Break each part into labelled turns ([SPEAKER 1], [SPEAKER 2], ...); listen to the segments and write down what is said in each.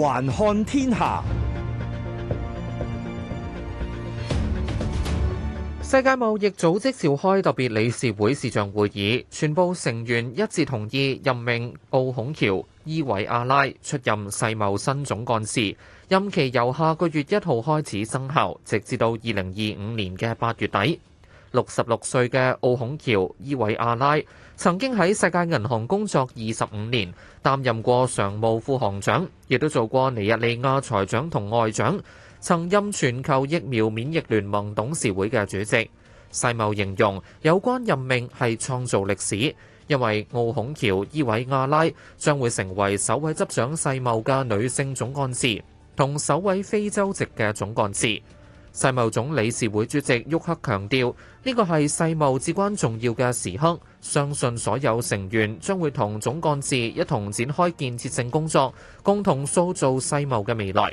[SPEAKER 1] 環看天下，世界貿易組織召開特別理事會視像會議，全部成員一致同意任命奧孔喬伊韋阿拉出任世貿新總幹事，任期由下個月一號開始生效，直至到二零二五年嘅八月底。六十六歲嘅奧孔喬伊韋阿拉曾經喺世界銀行工作二十五年，擔任過常務副行長，亦都做過尼日利亞財長同外長，曾任全球疫苗免疫聯盟董事會嘅主席。世貿形容有關任命係創造歷史，因為奧孔喬伊韋阿拉將會成為首位執掌世貿嘅女性總幹事，同首位非洲籍嘅總幹事。世貿總理事會主席沃克強調，呢個係世貿至關重要嘅時刻，相信所有成員將會同總幹事一同展開建設性工作，共同塑造世貿嘅未來。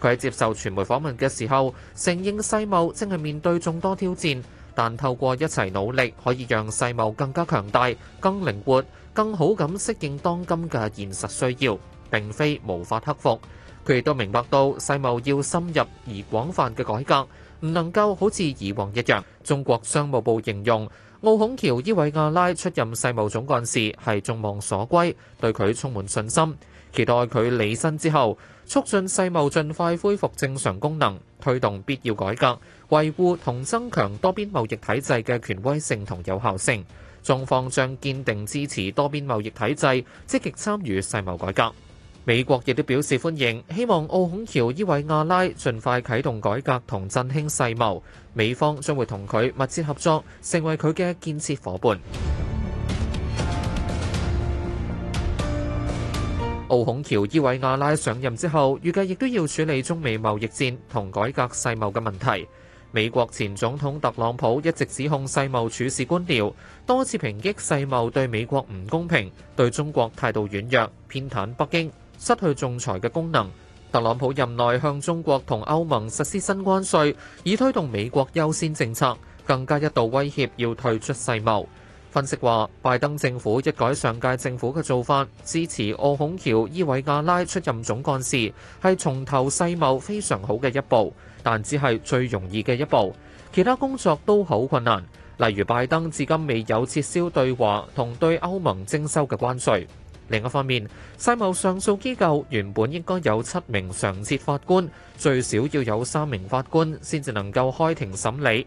[SPEAKER 1] 佢喺接受傳媒訪問嘅時候，承認世貿正係面對眾多挑戰，但透過一齊努力，可以讓世貿更加強大、更靈活、更好咁適應當今嘅現實需要，並非無法克服。佢亦都明白到世貿要深入而廣泛嘅改革，唔能夠好似以往一樣。中國商務部形容，奧孔喬伊維亞拉出任世貿總幹事係眾望所歸，對佢充滿信心，期待佢履新之後。促進世貿盡快恢復正常功能，推動必要改革，維護同增強多邊貿易體制嘅權威性同有效性。中方將堅定支持多邊貿易體制，積極參與世貿改革。美國亦都表示歡迎，希望奧孔喬伊韋阿拉盡快啟動改革同振興世貿。美方將會同佢密切合作，成為佢嘅建設伙伴。奧孔喬伊韋阿拉上任之後，預計亦都要處理中美貿易戰同改革世貿嘅問題。美國前總統特朗普一直指控世貿處事官僚，多次抨擊世貿對美國唔公平，對中國態度軟弱，偏袒北京，失去仲裁嘅功能。特朗普任內向中國同歐盟實施新關稅，以推動美國優先政策，更加一度威脅要退出世貿。分析話，拜登政府一改上屆政府嘅做法，支持奧孔喬伊韋阿拉出任總幹事，係從頭世貿非常好嘅一步，但只係最容易嘅一步，其他工作都好困難。例如，拜登至今未有撤銷對華同對歐盟徵收嘅關稅。另一方面，世貿上訴機構原本應該有七名常設法官，最少要有三名法官先至能夠開庭審理。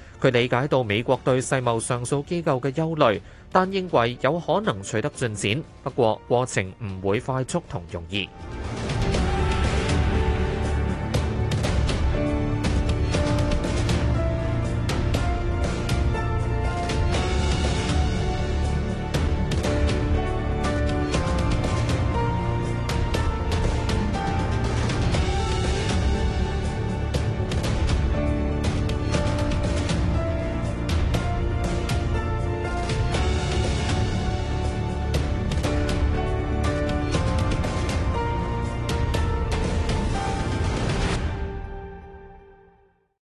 [SPEAKER 1] 佢理解到美國對世貿上訴機構嘅憂慮，但認為有可能取得進展，不過過程唔會快速同容易。